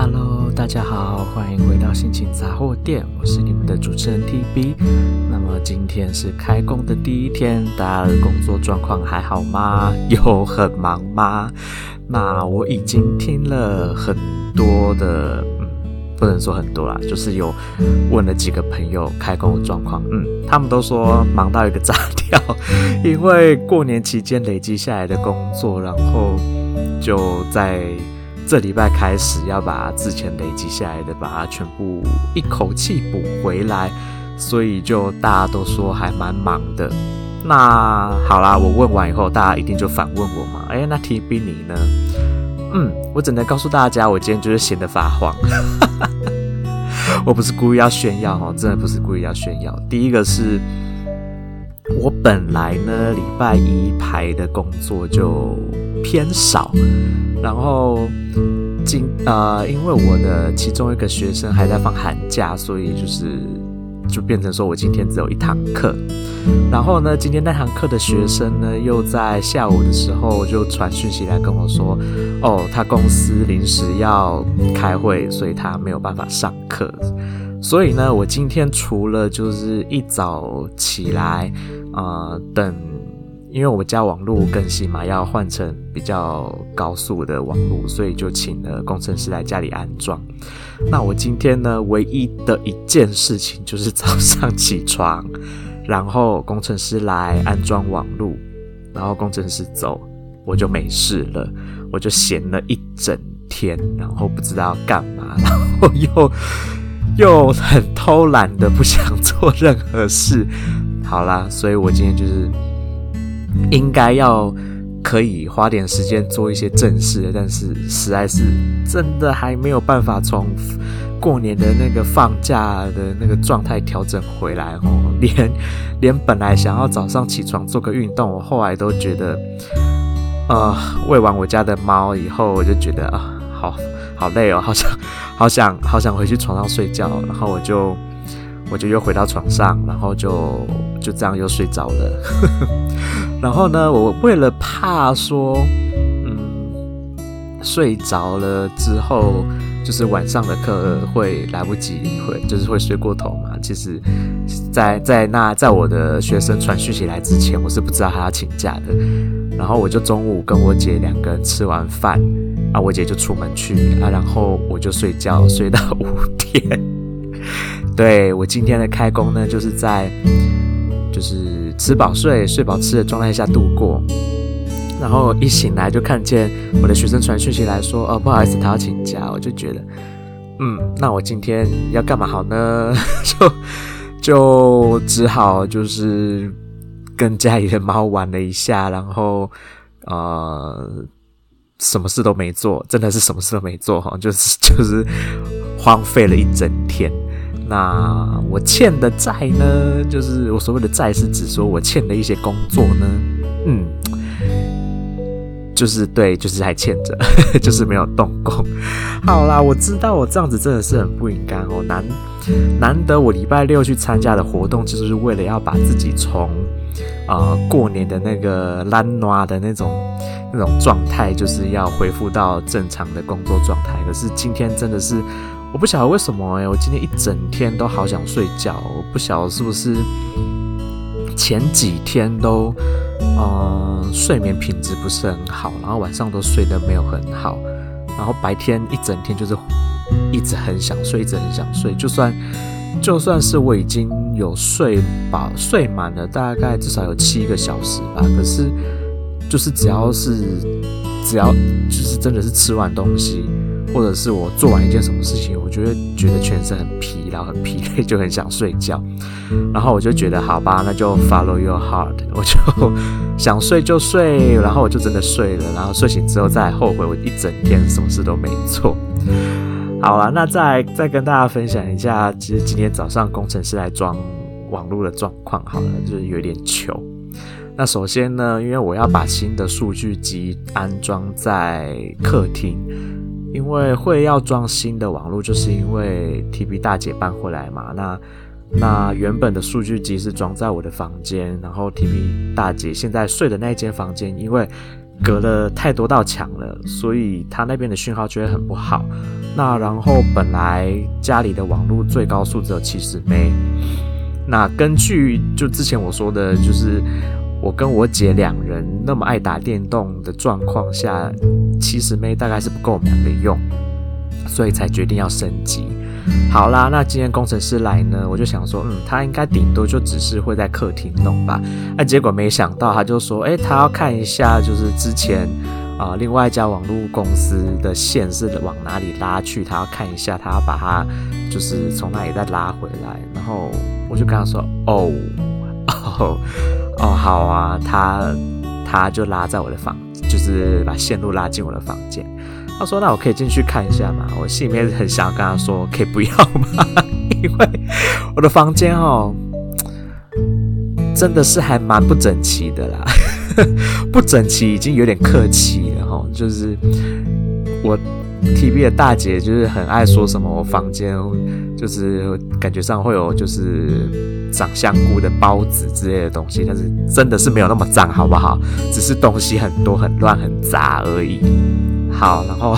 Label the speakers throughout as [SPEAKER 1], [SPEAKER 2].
[SPEAKER 1] Hello，大家好，歡迎回到心情雜貨店，我是你們的主持人 TB。那麼今天是開工的第一天，大家的工作狀況還好嗎？有很忙嗎？那我已經聽了很多的，不能說很多啦，就是有問了幾個朋友開工的狀況，嗯，他們都說忙到一個炸掉，因為過年期間累積下來的工作，然後就在。這禮拜開始要把之前累積下來的，把它全部一口氣補回來，所以就大家都說還蠻忙的。那好啦，我問完以後，大家一定就反問我嘛。哎，那 TB 你呢？嗯，我只能告訴大家，我今天就是閒得發慌。 我不是故意要炫耀哈、哦，真的不是故意要炫耀。第一個是我本來呢禮拜一排的工作就偏少，然後。今呃，因為我的其中一個學生還在放寒假，所以就是就變成說我今天只有一堂課。然後呢，今天那堂課的學生呢，又在下午的時候就傳訊息來跟我說，哦，他公司臨時要開會，所以他沒有辦法上課。所以呢，我今天除了就是一早起來啊，呃，等。因為我家網絡更新嘛，要換成比較高速的網絡，所以就請了工程師來家裡安裝。那我今天呢，唯一的一件事情就是早上起床，然後工程師來安裝網絡，然後工程師走，我就沒事了，我就閒了一整天，然後不知道幹嘛，然後又又很偷懶的不想做任何事。好啦，所以我今天就是。應該要可以花點時間做一些正事，但是實在是真的還沒有辦法從過年的那個放假的那個狀態調整回來哦。連連本來想要早上起床做個運動，我後來都覺得，啊、呃，喂完我家的貓以後，我就覺得啊，好好累哦，好想好想好想回去床上睡覺，然後我就。我就又回到床上，然後就就這樣又睡着了。 然後呢，我為了怕說，嗯，睡着了之後就是晚上的課會來不及，會就是會睡過頭嘛。其實在，在在那在我的學生傳訊息來之前，我是不知道他要請假的。然後我就中午跟我姐兩個人吃完飯啊，我姐就出門去啊，然後我就睡覺，睡到五點。 對，我今天的開工呢，就是在就是吃飽睡、睡飽吃的狀態下度過，然後一醒來就看見我的學生傳訊息來說：“哦，不好意思，他要請假。”我就覺得，嗯，那我今天要幹嘛好呢？ 就就只好就是跟家裡的貓玩了一下，然後呃，什麼事都沒做，真的是什麼事都沒做，好像就是就是荒廢了一整天。那我欠的債呢？就是我所謂的債，是指說我欠的一些工作呢。嗯，就是對，就是還欠着呵呵，就是沒有動工。好啦，我知道我這樣子真的是很不應該哦。難難得我禮拜六去參加的活動，就是為了要把自己從啊、呃、過年的那個懶惰的那種那種狀態，就是要恢復到正常的工作狀態。可是今天真的是。我不曉得為什麼哎、欸，我今天一整天都好想睡覺。我不曉得是不是前幾天都，嗯、呃，睡眠品質不是很好，然後晚上都睡得沒有很好，然後白天一整天就是一直很想睡，一直很想睡。就算就算是我已經有睡飽、睡滿了，大概至少有七個小時吧，可是就是只要是只要就是真的是吃完東西。或者是我做完一件什麼事情，我就會覺得全身很疲勞、很疲累，就很想睡覺。然後我就覺得好吧，那就 follow your heart，我就想睡就睡。然後我就真的睡了。然後睡醒之後再後悔，我一整天什麼事都沒做。好了，那再再跟大家分享一下，其實今天早上工程師來裝網絡的狀況，好了，就是有點糗。那首先呢，因為我要把新的數據機安裝在客廳。因為會要裝新的網絡，就是因為 TB 大姐搬回來嘛。那那原本的數據機是裝在我的房間，然後 TB 大姐現在睡的那一間房間，因為隔了太多道牆了，所以她那邊的訊號就會很不好。那然後本來家裡的網絡最高速只有 70M。那根據就之前我說的，就是我跟我姐兩人那麼愛打電動的狀況下。七十 M 大概是不夠我們兩個用，所以才決定要升級。好啦，那今天工程師來呢，我就想說，嗯，他應該頂多就只是會在客廳弄吧。那、啊、結果沒想到，他就說，哎，他要看一下，就是之前啊、呃，另外一家網絡公司的線是往哪裡拉去，他要看一下，他要把它就是從那裡再拉回來。然後我就跟他說，哦，哦，哦，好啊，他他就拉在我的房。就是把線路拉進我的房間，他說：“那我可以進去看一下嗎？”我心裡面很想要跟他說：“可以不要嗎？”因為我的房間哦，真的是還蠻不整齊的啦，不整齊已經有點客氣了哈。就是我 TB 的大姐就是很愛說什麼，我房間就是感覺上會有就是。長香菇的包子之類的東西，但是真的是沒有那麼髒好不好？只是東西很多，很亂，很雜而已。好，然後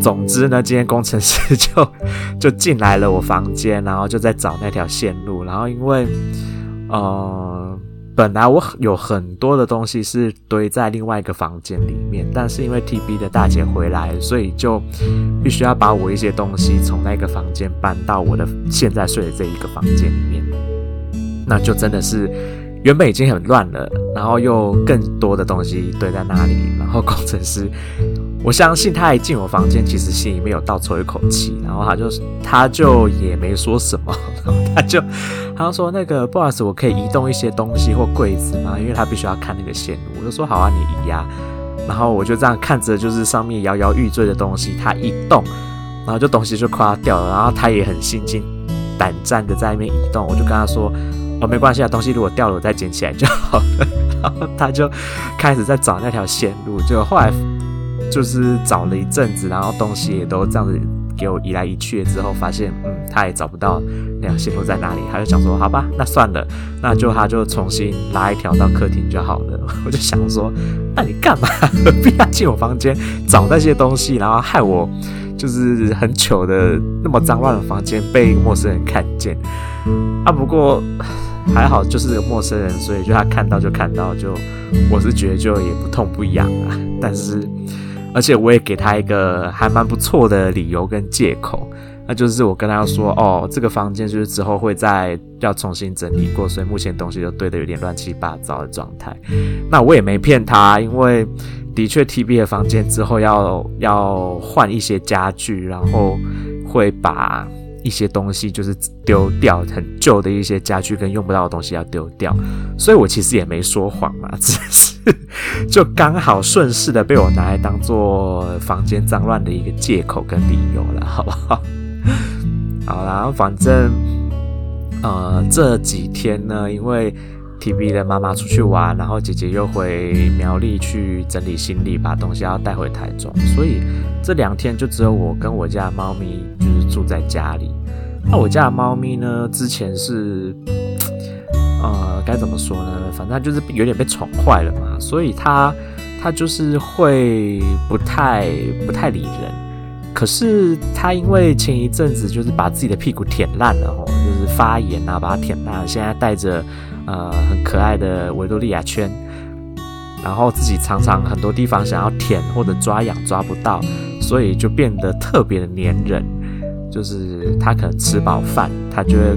[SPEAKER 1] 總之呢，今天工程師就就進來了我房間，然後就在找那條線路。然後因為呃，本來我有很多的東西是堆在另外一個房間裡面，但是因為 TB 的大姐回來，所以就必須要把我一些東西從那個房間搬到我的現在睡的這一個房間裡面。那就真的是原本已經很亂了，然後又更多的東西堆在那裡。然後工程師，我相信他一進我房間，其實心裡面有倒抽一口氣。然後他就他就也沒說什麼，然後他就他就說那個 boss，我可以移動一些東西或櫃子嗎？因爲他必須要看那個線路。我就說好啊，你移啊。然後我就這樣看着，就是上面搖搖欲墜的東西，他移動，然後就東西就垮掉了。然後他也很心驚膽戰的在那邊移動。我就跟他說。哦，沒關係啊，東西如果掉了，我再撿起來就好了。 然後他就開始在找那條線路，就後來就是找了一陣子，然後東西也都這樣子給我移來移去之後，發現嗯，他也找不到那條線路在哪裡。他就想說，好吧，那算了，那就他就重新拉一條到客廳就好了。 我就想說，那你幹嘛？何 必要進我房間找那些東西，然後害我就是很糗的那麼髒亂的房間被陌生人看見啊？不過。還好，就是個陌生人，所以就他看到就看到就，我是覺得就也不痛不癢啊。但是，而且我也給他一個還蠻不錯的理由跟借口，那就是我跟他說哦，這個房間就是之後會再要重新整理過，所以目前東西都堆得有點亂七八糟的狀態。那我也沒騙他，因為的確 TB 的房間之後要要換一些家具，然後會把。一些東西就是丟掉很舊的一些家具跟用不到的東西要丟掉，所以我其實也沒說謊嘛，只是就剛好順勢的被我拿來當做房間髒亂的一個借口跟理由了，好不好？好啦，反正呃這幾天呢，因為。TB 的媽媽出去玩，然後姐姐又回苗栗去整理行李，把東西要帶回台中，所以這兩天就只有我跟我家貓咪就是住在家裡。那我家的貓咪呢，之前是，呃，該怎麼說呢？反正就是有點被寵壞了嘛，所以它它就是會不太不太理人。可是它因為前一陣子就是把自己的屁股舔爛了哦，就是發炎啊，把它舔爛了，現在帶着。呃，很可愛的維多利亞圈，然後自己常常很多地方想要舔或者抓癢抓不到，所以就變得特別的粘人。就是它可能吃飽飯，它就會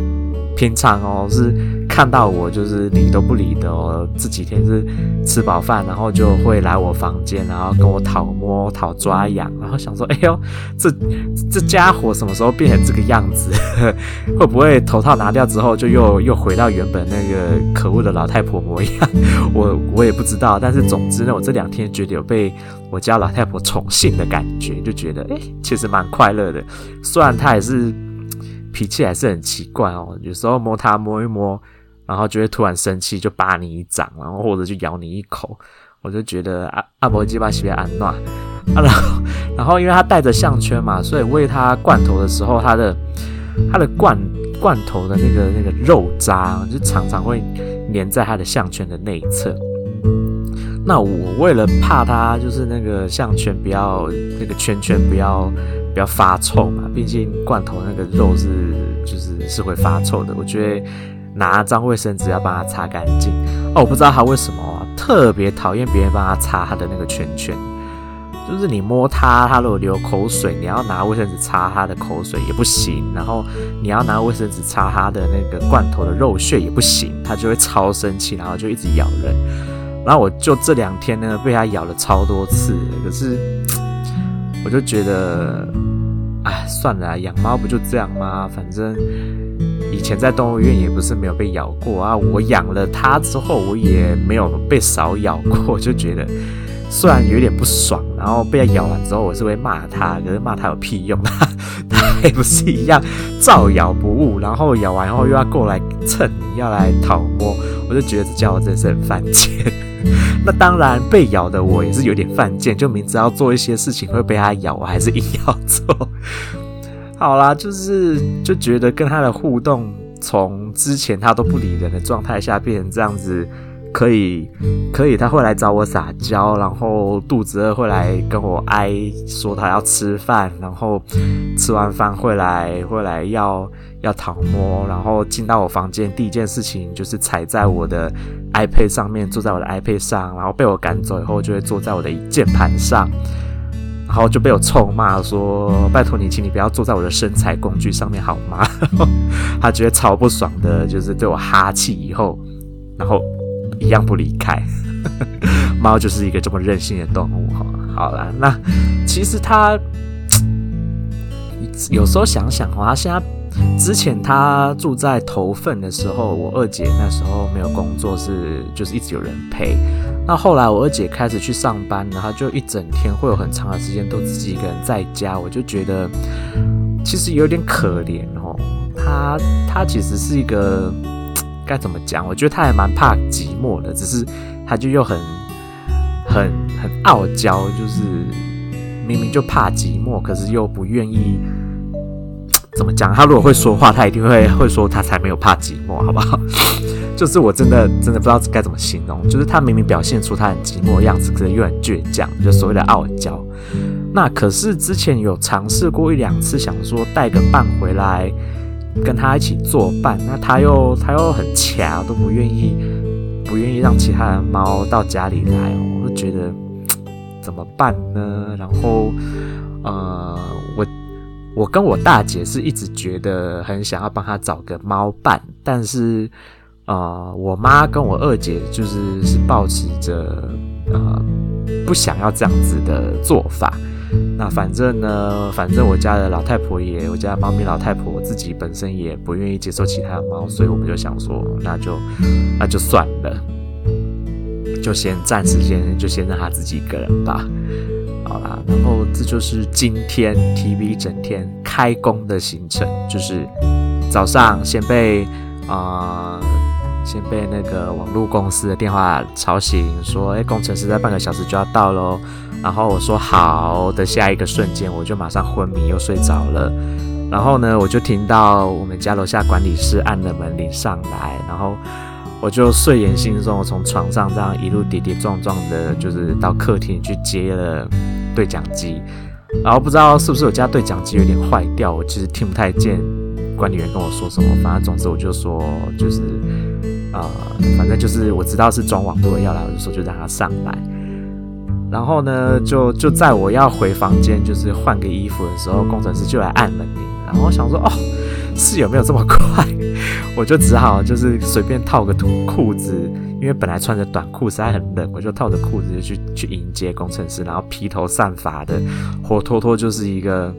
[SPEAKER 1] 平常哦，是。看到我就是理都不理的哦。這幾天是吃飽飯，然後就會來我房間，然後跟我討摸、討抓癢，然後想說，哎呦，這這家伙什麼時候變成這個樣子？會不會頭套拿掉之後就又又回到原本那個可惡的老太婆模樣？我我也不知道。但是總之呢，我這兩天覺得有被我家老太婆寵幸的感覺，就覺得哎，其實蠻快樂的。雖然她也是脾氣還是很奇怪哦，有時候摸她摸一摸。然後就會突然生氣，就扒你一掌，然後或者就咬你一口。我就覺得阿阿伯雞巴特別安暖。然後，然後因為他戴着項圈嘛，所以餵他罐頭的時候他的，他的他的罐罐頭的那個那個肉渣、啊、就常常會粘在他的項圈的內側。那我為了怕他就是那個項圈不要那個圈圈不要不要發臭嘛，畢竟罐頭那個肉是就是是會發臭的。我覺得。拿張衛生紙要幫他擦乾淨哦，我不知道他為什麼啊，特別討厭別人幫他擦他的那個圈圈，就是你摸他，他如果流口水，你要拿衛生紙擦他的口水也不行，然後你要拿衛生紙擦他的那個罐頭的肉屑也不行，他就會超生氣，然後就一直咬人。然後我就這兩天呢被他咬了超多次，可是我就覺得，哎，算了啦，養貓不就這樣嗎？反正。以前在動物園也不是沒有被咬過啊，我養了它之後，我也沒有被少咬過，我就覺得雖然有點不爽，然後被它咬完之後我是會罵它，可是罵它有屁用，它還不是一樣照咬不誤，然後咬完以後又要過來蹭，要來討摸，我就覺得這叫真的是犯賤。 那當然被咬的我也是有點犯賤，就明知道做一些事情會被它咬，我還是硬要做。好啦，就是就覺得跟他的互動，從之前他都不理人的狀態下變成這樣子，可以可以，他會來找我撒嬌，然後肚子餓會來跟我哀說他要吃飯，然後吃完飯會來會來要要討摸，然後進到我房間第一件事情就是踩在我的 iPad 上面，坐在我的 iPad 上，然後被我趕走以後就會坐在我的鍵盤上。然後就被我臭罵說：“拜托你，請你不要坐在我的身材工具上面好嗎？” 他覺得超不爽的，就是對我哈氣以後，然後一樣不離開。 貓就是一個這麼任性的動物哈。好啦，那其實他有時候想想哈、啊，現在之前他住在頭份的時候，我二姐那時候沒有工作是，是就是一直有人陪。那後來我二姐開始去上班，然後就一整天會有很長的時間都自己一個人在家，我就覺得其實有點可憐齁。她她其實是一個該怎麼講？我覺得她還蠻怕寂寞的，只是她就又很很很傲嬌，就是明明就怕寂寞，可是又不願意怎麼講。她如果會說話，她一定會會說，她才沒有怕寂寞，好不好？就是我真的真的不知道該怎麼形容，就是他明明表現出他很寂寞的樣子，可是又很倔強，就所謂的傲嬌。那可是之前有嘗試過一兩次，想說帶個伴回來跟他一起做伴，那他又他又很卡，都不願意，不願意讓其他的貓到家裡來，我就覺得怎麼辦呢？然後呃，我我跟我大姐是一直覺得很想要幫他找個貓伴，但是。啊、呃，我媽跟我二姐就是是抱持著，呃，不想要這樣子的做法。那反正呢，反正我家的老太婆也，我家的貓咪老太婆自己本身也不願意接受其他的貓，所以我們就想說，那就那就算了，就先暫時先就先讓她自己一個人吧。好啦，然後這就是今天 TV 整天開工的行程，就是早上先被啊。呃先被那個網絡公司的電話吵醒，說：“欸，工程師在半個小時就要到嘍。”然後我說：“好的。”下一個瞬間，我就馬上昏迷又睡着了。然後呢，我就聽到我們家樓下管理室按了門鈴上來，然後我就睡眼惺忪，從床上這樣一路跌跌撞撞的，就是到客廳去接了對講機。然後不知道是不是我家對講機有點壞掉，我其實聽不太見管理員跟我說什麼。反正總之我就說，就是。呃，反正就是我知道是裝網絡要來的時候，就讓他上來。然後呢，就就在我要回房間，就是換個衣服的時候，工程師就來按門鈴。然後想說，哦，是有沒有這麼快？我就只好就是隨便套個褲子，因為本來穿着短褲實在很冷，我就套着褲子就去去迎接工程師，然後披頭散髮的，活脫脫就是一個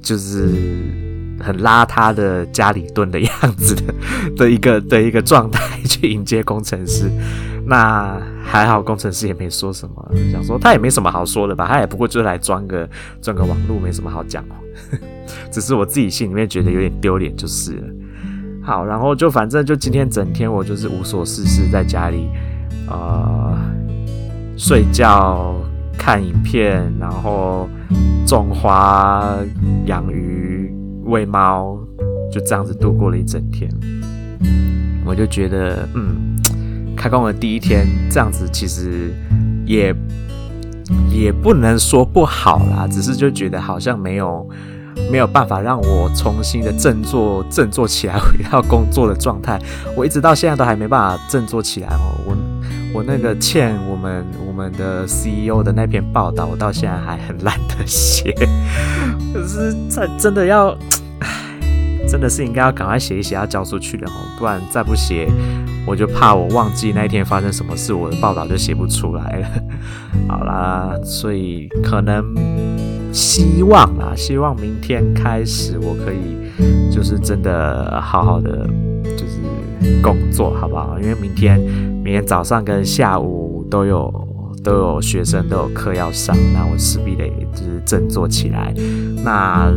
[SPEAKER 1] 就是。很邋遢的家裡蹲的樣子的的一個的一個狀態去迎接工程師，那還好工程師也沒說什麼，想說他也沒什麼好說的吧，他也不過就是來裝個裝個網路，沒什麼好講。只是我自己心裡面覺得有點丟臉，就是了。好，然後就反正就今天整天我就是無所事事，在家裡啊、呃、睡覺、看影片，然後種花、養魚。餵貓，就這樣子度過了一整天。我就覺得，嗯，開工的第一天這樣子，其實也也不能說不好啦，只是就覺得好像沒有沒有辦法讓我重新的振作振作起來，回到工作的狀態。我一直到現在都還沒辦法振作起來哦。我我那個欠我們我們的 CEO 的那篇報道，我到現在還很懶得寫。 可是，真的要。真的是應該要趕快寫一寫，要交出去的哦，不然再不寫，我就怕我忘記那一天發生什麼事，我的報道就寫不出來了。 好啦，所以可能希望啦，希望明天開始我可以，就是真的好好的就是工作，好不好？因為明天明天早上跟下午都有。都有學生都有課要上，那我勢必得就是振作起來。那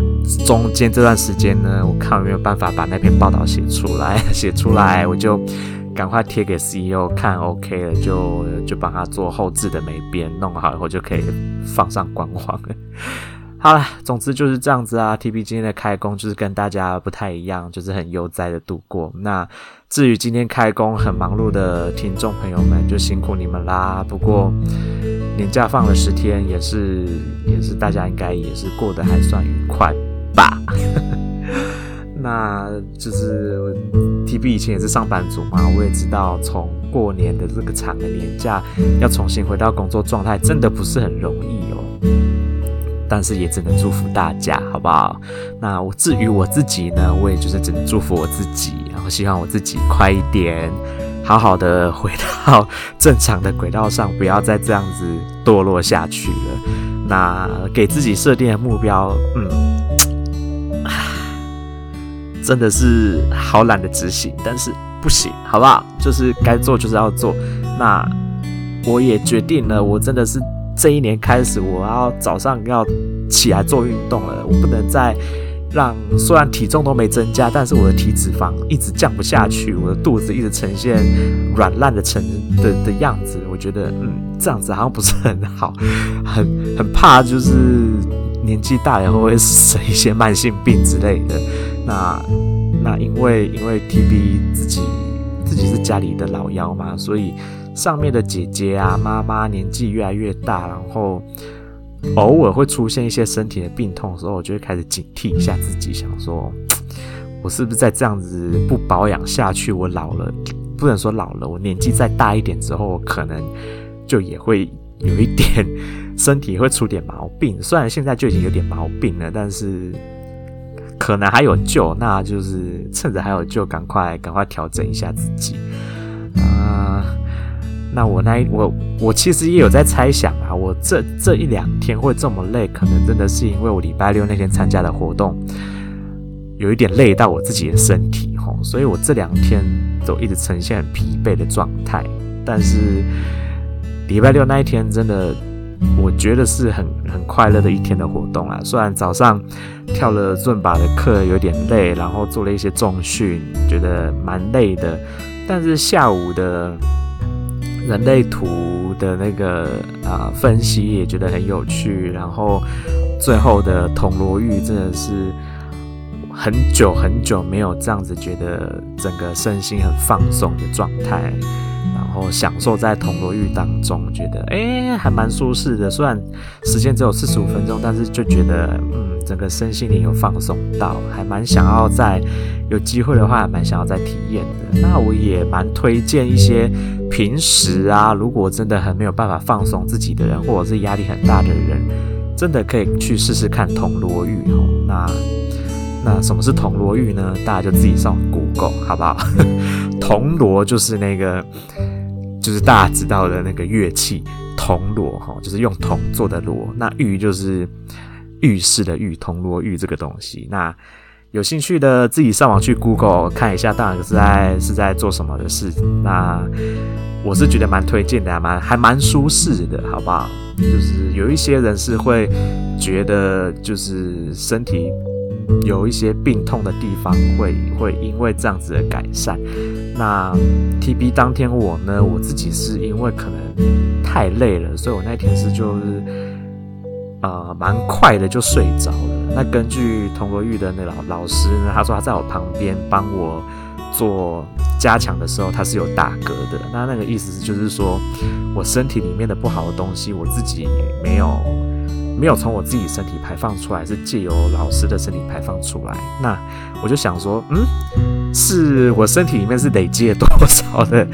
[SPEAKER 1] 中間這段時間呢，我看有沒有辦法把那篇報道寫出來，寫出來我就趕快貼給 CEO 看。OK 了，就就幫他做後製的美編，弄好以後就可以放上官網。好了，總之就是這樣子啊。TB 今天的開工就是跟大家不太一樣，就是很悠哉的度過。那至於今天開工很忙碌的聽眾朋友們，就辛苦你們啦。不過年假放了十天，也是也是大家應該也是過得還算愉快吧。 那就是 TB 以前也是上班族嘛，我也知道，從過年的這個長的年假要重新回到工作狀態，真的不是很容易哦。但是也只能祝福大家，好不好？那我至於我自己呢？我也就是只能祝福我自己，然後希望我自己快一點，好好的回到正常的軌道上，不要再這樣子墮落下去了。那給自己設定的目標，嗯，真的是好懶得執行，但是不行，好不好？就是該做就是要做。那我也決定了，我真的是。這一年開始，我要早上要起來做運動了。我不能再讓，雖然體重都沒增加，但是我的體脂肪一直降不下去，我的肚子一直呈現軟爛的成的的樣子。我覺得，嗯，這樣子好像不是很好，很很怕，就是年紀大了會生一些慢性病之類的。那那因為因為 TB 自己。自己是家裡的老幺嘛，所以上面的姐姐啊、媽媽年紀越來越大，然後偶爾會出現一些身體的病痛的時候，我就會開始警惕一下自己，想說，我是不是再這樣子不保養下去，我老了，不能說老了，我年紀再大一點之後，我可能就也會有一點身體會出點毛病。雖然現在就已經有點毛病了，但是。可能還有救，那就是趁着還有救，趕快趕快調整一下自己。啊、呃，那我那一我我其實也有在猜想啊，我這這一兩天會這麼累，可能真的是因為我禮拜六那天參加的活動，有一點累到我自己的身體齁，所以我這兩天都一直呈現很疲憊的狀態。但是禮拜六那一天真的。我覺得是很很快樂的一天的活動啊！雖然早上跳了尊巴的課有點累，然後做了一些重訓，覺得蠻累的。但是下午的人類圖的那個啊、呃、分析也覺得很有趣，然後最後的銅鑼浴真的是很久很久沒有這樣子，覺得整個身心很放鬆的狀態。然後享受在銅鑼浴當中，覺得哎、欸，還蠻舒適的。雖然時間只有四十五分鐘，但是就覺得嗯，整個身心靈有放鬆到，還蠻想要在有機會的話，還蠻想要再體驗的。那我也蠻推薦一些平時啊，如果真的很沒有辦法放鬆自己的人，或者是壓力很大的人，真的可以去試試看銅鑼浴。吼，那那什麼是銅鑼浴呢？大家就自己上 Google 好不好？銅 鑼就是那個。就是大家知道的那個樂器銅鑼齁，就是用銅做的鑼。那浴就是浴室的浴，銅鑼浴這個東西。那有興趣的自己上網去 Google 看一下，大概是在是在做什麼的事情。那我是覺得蠻推薦的，還蠻還蠻舒適的，好不好？就是有一些人是會覺得就是身體有一些病痛的地方會，會會因為這樣子的改善。那 TB 當天我呢，我自己是因為可能太累了，所以我那天是就是呃蠻快的就睡着了。那根據佟國玉的那老老師呢，他說他在我旁邊幫我做加強的時候，他是有打嗝的。那那個意思就是說我身體裡面的不好的東西，我自己也沒有。沒有從我自己身體排放出來，是借由老師的身體排放出來。那我就想說，嗯，是我身體裡面是累積了多少的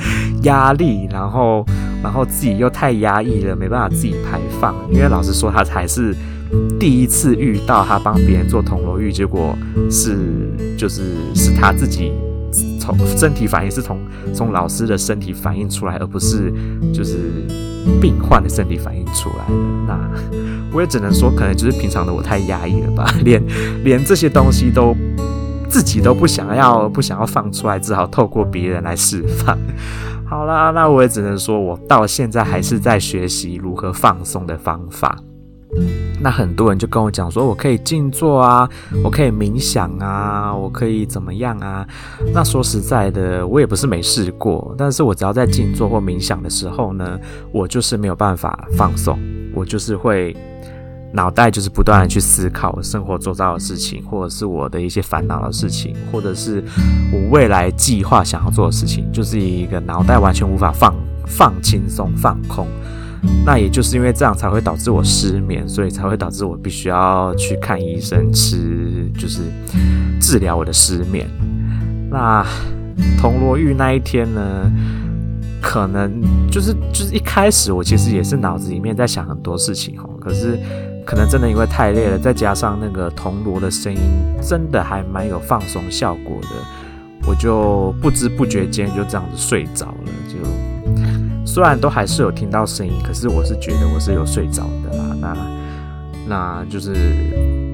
[SPEAKER 1] 壓力，然後，然後自己又太壓抑了，沒辦法自己排放。因為老師說他才是第一次遇到，他幫別人做銅鑼浴，結果是就是是他自己從身體反應是從從老師的身體反應出來，而不是就是病患的身體反應出來的。那。我也只能說，可能就是平常的我太壓抑了吧，連連這些東西都自己都不想要，不想要放出來，只好透過別人來釋放。好啦，那我也只能說，我到現在還是在學習如何放鬆的方法。那很多人就跟我講說，我可以靜坐啊，我可以冥想啊，我可以怎麼樣啊？那說實在的，我也不是沒試過，但是我只要在靜坐或冥想的時候呢，我就是沒有辦法放鬆，我就是會。腦袋就是不斷的去思考我生活周遭的事情，或者是我的一些煩惱的事情，或者是我未來計劃想要做的事情，就是一個腦袋完全無法放放輕鬆、放空。那也就是因為這樣才會導致我失眠，所以才會導致我必須要去看醫生吃，吃就是治療我的失眠。那銅鑼浴那一天呢，可能就是就是一開始我其實也是腦子裡面在想很多事情哦，可是。可能真的因為太累了，再加上那個銅鑼的聲音，真的還蠻有放鬆效果的。我就不知不覺間就這樣子睡着了。就雖然都還是有聽到聲音，可是我是覺得我是有睡着的啦。那那就是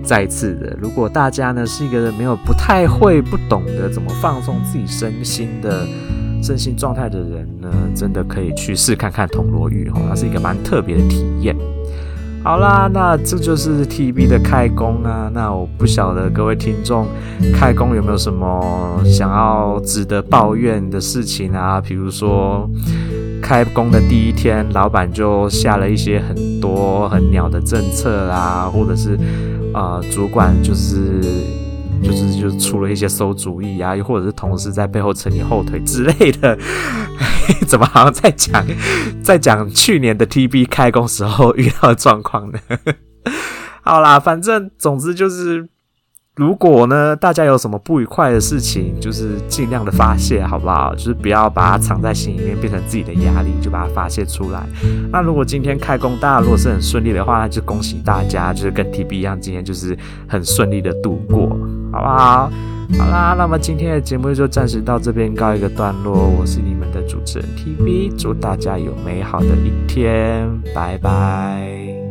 [SPEAKER 1] 再次的，如果大家呢是一個沒有不太會、不懂得怎麼放鬆自己身心的身心狀態的人呢，真的可以去試看看銅鑼浴哦，它是一個蠻特別的體驗。好啦，那這就是 TB 的開工啊。那我不曉得各位聽眾開工有沒有什麼想要值得抱怨的事情啊？比如說，開工的第一天，老闆就下了一些很多很鳥的政策啦、啊，或者是啊、呃，主管就是就是就是出了一些餿主意啊，又或者是同事在背後扯你後腿之類的。 怎麼好像在講？在講去年的 TB 開工時候遇到的狀況呢？ 好啦，反正總之就是，如果呢大家有什麼不愉快的事情，就是盡量的發洩，好不好？就是不要把它藏在心裡面，變成自己的壓力，就把它發洩出來。那如果今天開工大家如果是很順利的話，那就恭喜大家，就是跟 TB 一樣，今天就是很順利的度過，好不好？好啦，那麼今天的節目就暫時到這邊告一個段落。我是你們的主持人 TB，祝大家有美好的一天，拜拜。